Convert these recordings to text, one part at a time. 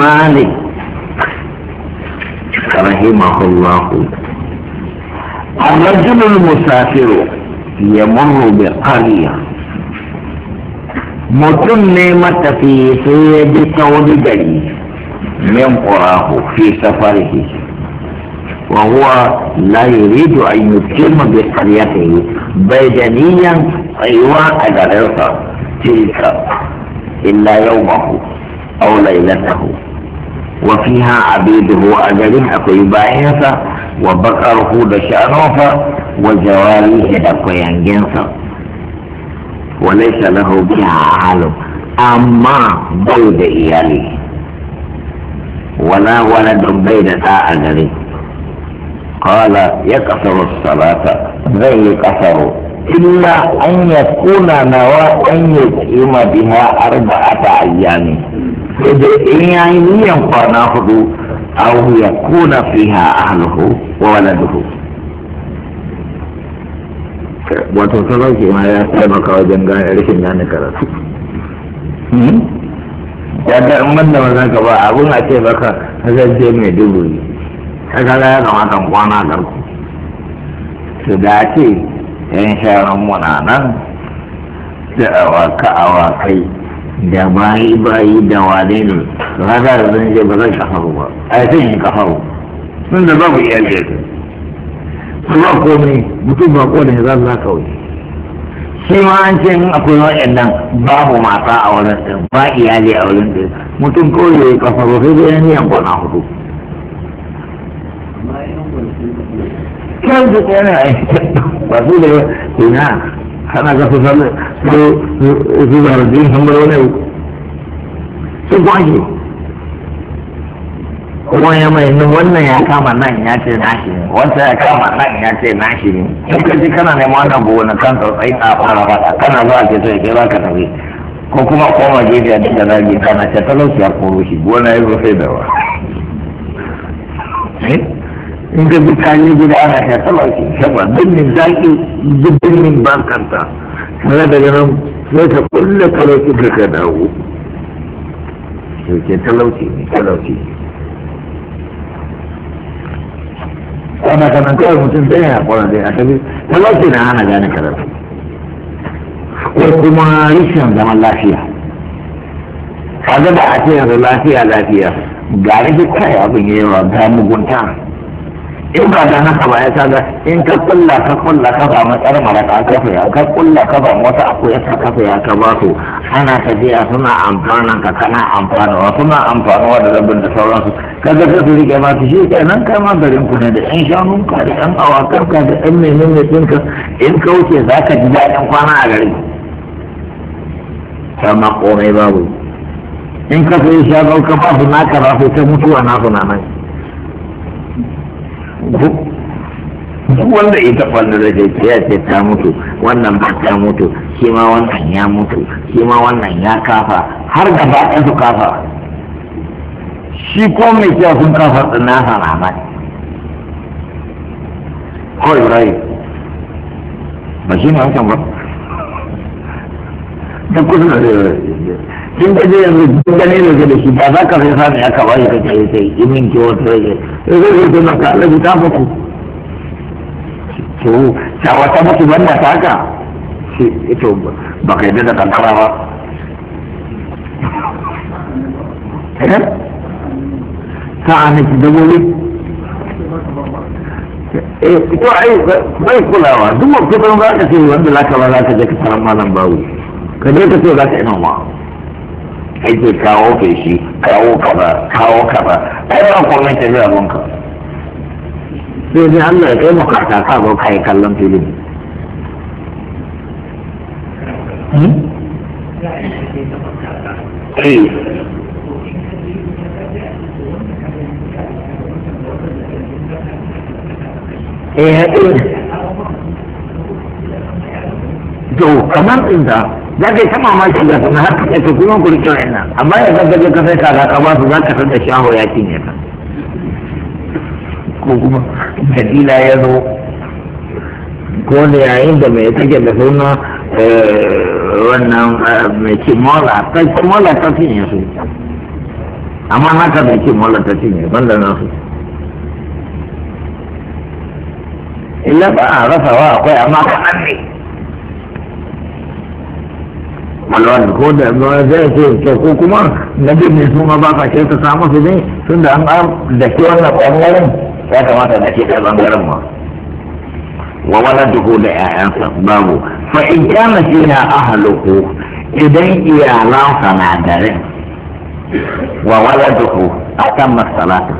مالك رحمه الله الرجل المسافر يمر بقرية متن في سيد كون من قراه في سفره وهو لا يريد أن يقيم بقريته بدنيا أيوا على تلك إلا يومه أو ليلته وفيها عبيده أجله أكوي باينسا وبقره دشانوفا وجواريه اكو جنسا وليس له بها عالم أما بيد إيالي ولا ولد بيد تا أجله قال يكثر الصلاة غير كثر إلا أن يكون نواة أن يقيم بها أربعة أيام in ya yi niyan kwana hudu aw ya kuna fiha ahluhu wa duhu wato ke ma ya taimaka wajen gane rashin gane karatu hmm? ya ga in wanda ba za ka ba abun a ce baka kasance mai dubu ne haka ya kamata kwana garku su dace yan mu muna nan da awaka ka kai da bayi bayi da wane ne to haka da zan je ba zan kafaru ba ai sai ka kafaru sun da babu iyali ya su ba komai mutum ba ko ne za su kawai shi ma an ce in akwai ba babu mata a wurin ɗin ba iyali a wurin ɗin mutum kawai ya yi kafaru sai dai yan gona hudu kyau da yi ba su da ina ana ga su zama su da din sun bar wani su gwaje kuma ya mai nan wannan ya kama nan ya ce nashi ne wata ya kama nan ya ce nashi ne in ka ji kana neman wannan gona kan tsautsayi a fara fata kana zuwa ke so ya ke za ka tafi ko kuma koma gefe da zage kana ce talauciyar koro shi gona ya zo sai da wa in ka bi kayan gida ana ya taba shi shaba birnin zaki birnin bankanta sai daga nan sai ta kulle talauci ka ka dawo ke talauci ne talauci ana kanan kawai mutum zai ya kwanan dai a tabi talauci na hana gane karatu ko kuma rishin zaman lafiya kaga ba a ce yanzu lafiya lafiya ga rikin kai abin yawa ga mugunta in ba da haka ba ya kaga in ka kulla ka kulla ka ba mu tsara maraka ka fa ya ka kulla ka ba wata aku ya ka fa ya ka ba su ana a suna amfana ka kana amfana wa suna amfana wa da rabin da sauransu su ka su rike ma su shi kenan kai ma garin ku ne da yan shanu ka da yan awakan ka da yan menene ka in ka wuce za ka ji daɗin kwana a gari ta ma komai babu in ka sai shagau ka ba su naka ba sai ta mutuwa na su na nan duk wanda ya taɓa lura da ya ce ta mutu wannan ba ta mutu shi ma wannan ya mutu shi ma wannan ya kafa har ba ɗaya su kafa shi ko mai kya sun kafa sa na mai ko ibrahim ba shi ne wancan ba ta kusa da tun da yanzu duk gane da shi ba za ka sai sami aka ba shi kake sai imin ki wata rage Eh, zai zai zai maka alaji ta muku to shawa ta muku banda ta haka eh, to ba ka yadda da kankara ba eh? ta anaki daboli ko ai bai kulawa duk mutum za ka ce wanda za ka ba za ka je ka samu malam bawu ka je ka ce za ka ake kawo feshi kawo kaza kawo kaza kai ba komai ke zira gonka sai dai Allah ya kai maka ta ka go kai kallon filin hmm? eh. eh, eh. To, kamar inda za ka yi ta mamaki ga sana har ka ce kuma ku rike wa'annan amma ya zaka je ka sai kaza ka ba su za ka san da shaho ya cinye ka ko kuma dalila ya zo ko da yayin da mai take da suna eh, wannan eh, mai ce mola ta ce mola ta cinye su amma haka mai ce mola ta cinye banda na su illa ba a rasawa akwai amma kaɗan ne alwani ko da ba zai ce to ko kuma na bin ne su ma ba ka ce ta samu su ne tun da an am da ke wannan bangaren ya kamata da ke da bangaren ma wa wala duhu da ƴaƴansa babu fa in kana fiha ahluhu idan iyalansa na garin wa wala duhu akan masalatu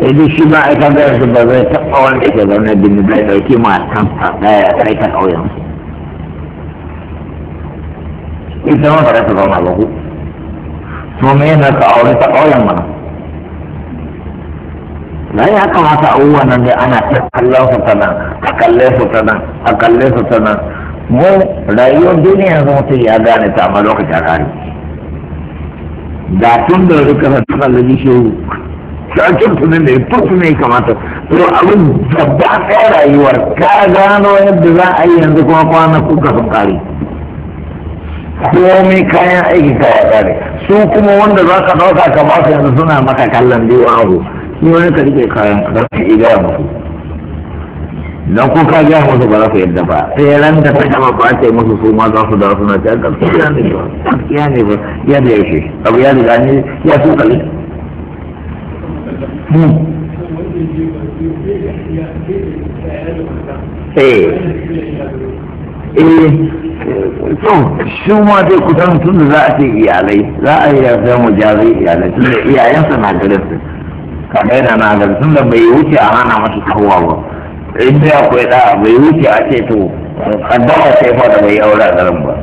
sai dai shi ba a kan da ba zai taɓa wanda ke zaune bin da ya ɗauki matansa ɗaya kai ta ƙauyensu ita ma ba za ta zauna ba ku so kau yana ka aure ta mana na ya kamata abubuwan nan dai ana ta kallon su ta nan a kalle mu layu dunia yanzu mutum ada gane ta amma lokacin kare da tun da rika sa tana da bishiyoyi shakin tunan da ya fusu ne kamata to abin da ba rayuwar ka gano yadda za a yi yanzu kuka sekali komai kayan aiki ka ya kare su kuma wanda za ka ɗauka ka ba su yanzu suna maka kallon biyu abu shi wani ka rike kayan ka za ka iya gaya musu dan ko ka gaya musu ba za ku yadda ba sai ran da ta gama ba ce yi musu su ma za su da suna ta gaskiya ne ba gaskiya ne ba ya da yaushe abu ya riga ne ya su kalli hmm. eh eh to shi ma dai kusan tun da za a ce iyalai za a yi yafe mu jari iyalai tun da iyayensa na garin su kaga yana na garin tun da bai wuce a hana masa kawowa ba in dai akwai da bai wuce a ce to kaddama sai fa da bai aure a garin ba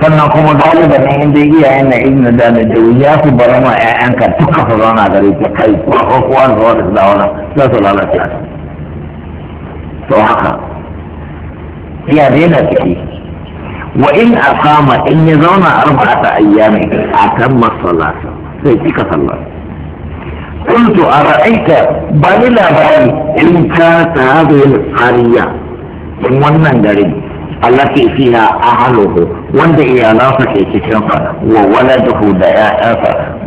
sannan kuma galiban nan inda iyayen na ibn da da ya fi bar ma ƴaƴanka duka su zauna gare ka kai ko ko ko an zo da zauna sai su lalace to haka هي daina وإن wa in aqama أربعة أيام أتم الصلاة ayyami atamma قلت أرأيت بل لا بل إن كانت هذه القرية من ونن التي فيها أهله وند إيالافك كتنفا وولده دعاء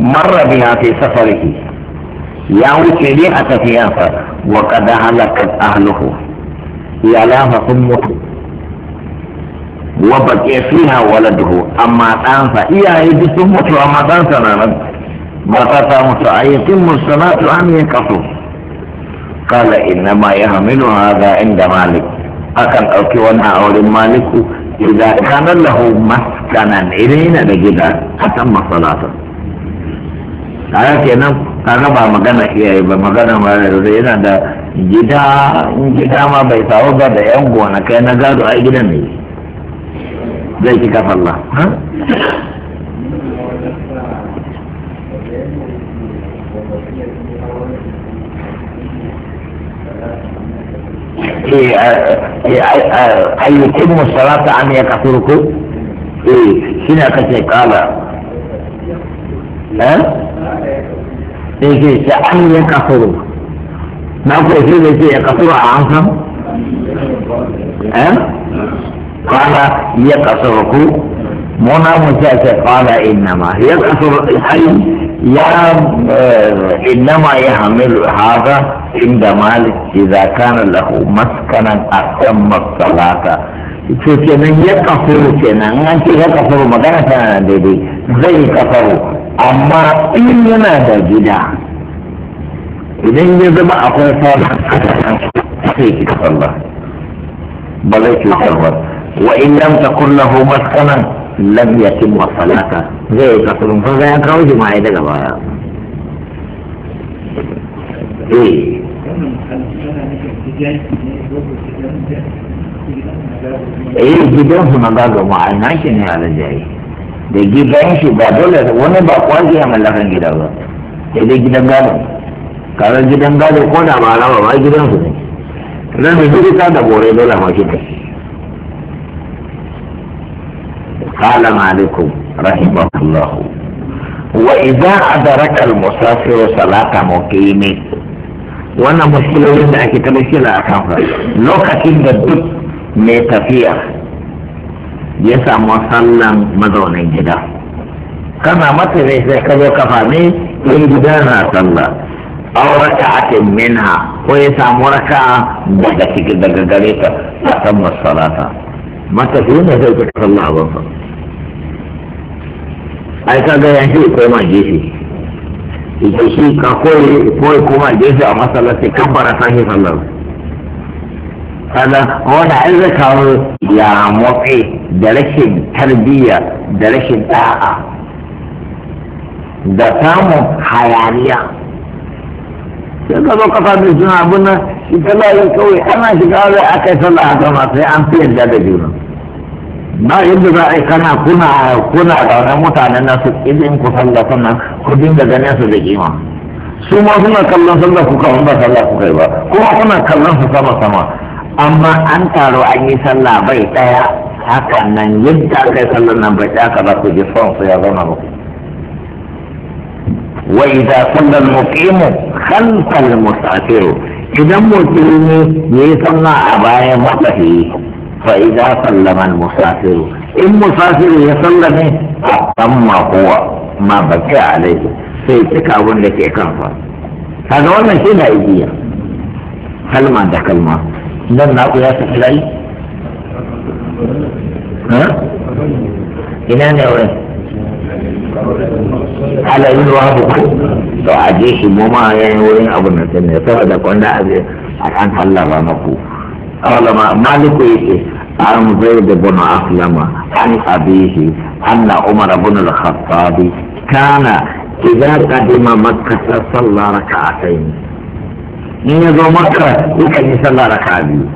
مر بها في سفره يا لي أتفيافا وقد هلكت أهله إيالافكم مطلق wa baƙe fiha waladuhu amma ɗansa iyaye duk sun mutu amma ɗansa na nan mata ta mutu a yakin musalatu an yi kaso kala inna ma ya hamilu haza inda malik akan ɗauki wannan wurin maliku idan kana lahu maskanan idan yana da gida akan masalatu A ya kenan ka ba magana iyaye ba magana ba da yana da gida gida ma bai samu ba da yan gona kai na gado a gidan ne zai ki kafa Allah eh, eh, eh, ayyukin musalata an ya kafin ku eh shi ne aka ce kala eh ke ce an ya kafin na ku ce ya kafin a an san قال يقصر ركوع منا قال إنما يقصر أي يا آه، إنما يحمل هذا عند مالك إذا كان له مسكنا أتم الصلاة شوف من يقصر شنا أنت يقصر ما كان شنا دي زي قصر أما إننا دجنا إذن يجب أقول صالح أنك تحيك وإن لم تكن له مسكنا لم يتم الصلاة زي كسر فذا يكره جماعة دقبا إيه eh gidansu na gaga ma'ana shi ne da gidan shi ba dole wani ba kwaje a mallakan gida ba sai dai gidan gado karar gidan gado ko da ba alama ba su ne zan da ta da bore dole ma shi ne قال مالك رحمه الله وإذا salata المسافر صلاة مقيمه wannan matsalolin da ake kala shi a kan lokacin da duk mai tafiya ya samu sallan mazaunin gida kana mata zai sai ka zo kafa in gida na sallah aw ake minha ko ya samu raka'a daga cikin daga gare ta a sallar salata mata ne zai fi sallah abin aika ga ya shi ce koma gefe ita shi ka koyi koyi koma gefe a masallaci kabbara sahi sallar kaga wani ai zai kawo ya motsi da rashin tarbiyya da rashin da'a da samun hayaniya sai ka zo kasa da suna abin nan ita kawai ana shiga wani aka yi sallah a sama sai an fi yarda da juna ba yadda za a yi kana kuna kuna ƙaunar mutanen nasu idan ku sallah sannan ku dinga ganin su da kima su ma suna kallon sallah ku kawai ba sallah ku kai ba kuma kuna kallon su sama sama amma an taro an yi sallah bai ɗaya hakan nan yadda aka yi sallah nan bai ɗaya kaza ku ji son su ya zauna ba wa idza salla mu muqimu khalfa al-musafir idan mutum ne yayi sallah a bayan matafiyi فإذا سلم المسافر إن مسافر يسلم ثم هو ما بكى عليه سيتك أبن لك إكافة هذا هو من شيء إيديا ما عندك كلمة لن نعطي يا العيد؟ ها إلى أن على إن ruwa لو عجيش a je shi mu ma yayin wurin abin أبي ne saboda kwanda a an hallaba maku عن زيد بن أسلم عن أبيه أن عمر بن الخطاب كان إذا قدم مكة صلى ركعتين من يزو مكة يكن يصلى ركعتين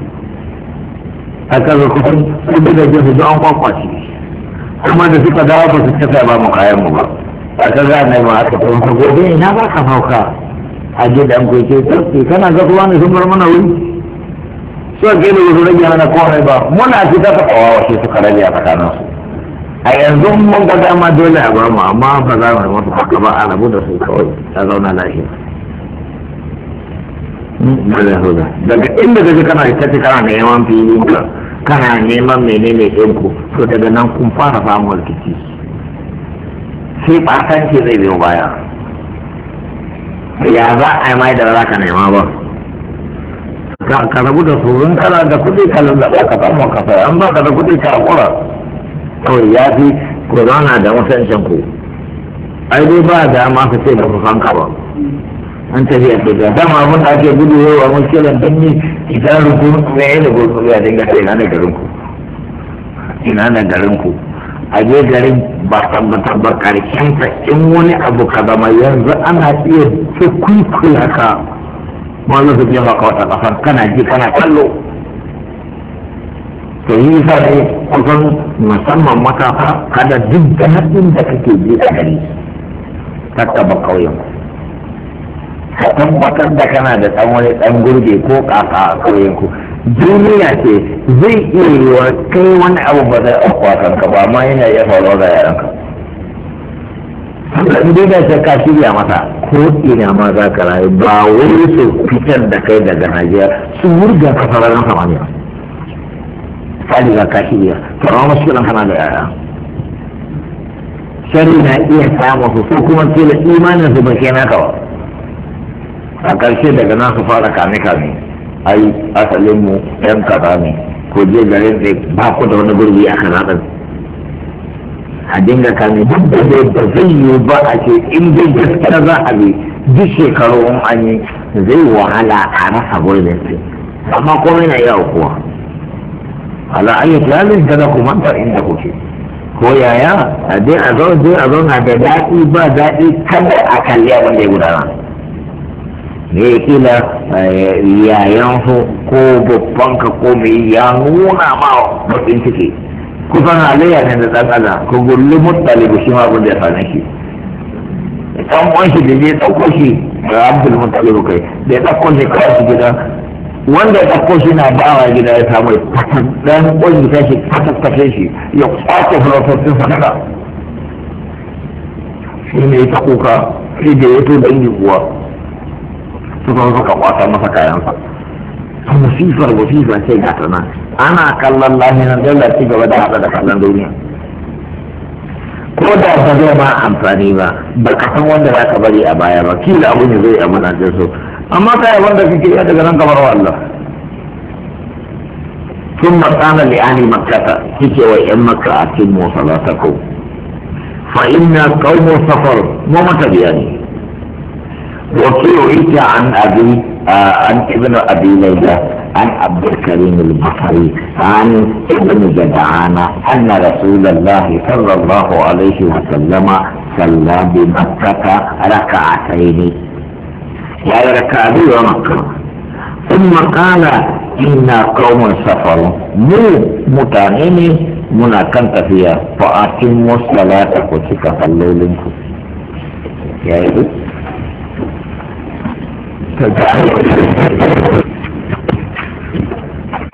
هكذا كفر يبدأ جهد أن قوقتي أما إذا سكت دعوة فستفع بمقايم مبارك هكذا أنا ما أكتب فقودين هذا كفوكا أجد أن كنت تبكي كان أقواني ثم رمنا ويجي suka gani yanzu rage mana komai ba muna fita ta kawawa shi suka rage a tsakanin su a yanzu mun ga dama dole a bamu amma ba za mu yi mutu haka ba a rabu da su kawai ta zauna lafiya hmm, daga inda gaji kana ita ce kana neman filin ka kana neman menene ɗin ku to daga nan kun fara samun rikici sai ɓatan ce zai biyo baya ya za a yi mai da za ka nema ba ka rabu da su in kana da kuɗi ka lallaba ka samu ka sai an baka da kuɗi ka hakura kawai ya fi ku zauna da masancin ku ai dai ba da ma ka ce da ku san ka ba an tafiya ce da dama mun da ake gudu yawa muskilan don ni idan rukun ne ya da gudu ya dinga sai na da garin ku ina da garin ku a je garin ba tabbatar ba karshen in wani abu ka zama yanzu ana iya ce kuikula ka wani su jefa ka wata kafar kana ji kana kallo to yi sa ne kusan musamman matafa kada duk daɗin da kake ji a gari tattaba kauyen ka tabbatar da kana da ɗan wani ɗan gurbe ko ƙaƙa a kauyen ku duniya ce zai iya wa kai wani abu ba zai ɓaɓɓa ka ba amma yana iya faruwa ga yaranka in dai da ka shirya masa ko ina ma za ka rayu ba wai su fitar da kai daga Najeriya su wurga ka sararin samaniya fadi ga ka shirya to amma nan kana da yaya shari na iya samu su su kuma da imanin su ba ke naka ba a ƙarshe daga nan su fara kame kame ai asalin mu yan kaza ne ko je garin da ba ku da wani gurbi a kanadin a dinga kame duk da zai da zai yi ba a ce in dai gaskiya za a bi duk shekaru in an yi zai wahala a rasa gurbin su amma komai na iya kuwa ala ayyuka lalin kada ku manta inda kuke ko yaya a dai a zo dai a zo na da daɗi ba daɗi kada a kalli abin da ya gudana me ya kila eh, yayan ko babbanka ko mai ya nuna ma bakin ciki kusan halayya ne da ɗan adam ko gulli muttalibu shi ma abin da ya same shi ɗan uwan shi da zai ɗauko shi ga abdul muttalibu kai da ya ɗauko shi kawai su gida wanda ya ɗauko shi na bawa gida ya samu ɗan uwan shi kashi shi ya kwace fulototin sanada shi ne ya ta kuka sai da ya to dangin su suka suka kwata masa kayansa musifar musifar sai gata ta nan ana kallon lahirin da ci gaba da haɗa da kallon duniya ko da ba zai ma amfani ba ba ka san wanda za ka bari a baya ba kila abin zai yi a da su amma ka wanda kake yi daga nan kamar wa Allah sun matsana ani makata kike wa yan maka a cikin motsa ko fa inna kawo safar mu mata biya ne wasu yau ita an abi an ibina abi mai da عن عبد الكريم البصري عن ابن جدعان أن رسول الله صلى الله عليه وسلم صلى بمكة ركعتين يعني ركعتين ومكة ثم قال إنا قوم سفر مو متعنيني منا كنت فيها فأتموا الصلاة كتك الليل لنكم يعني يا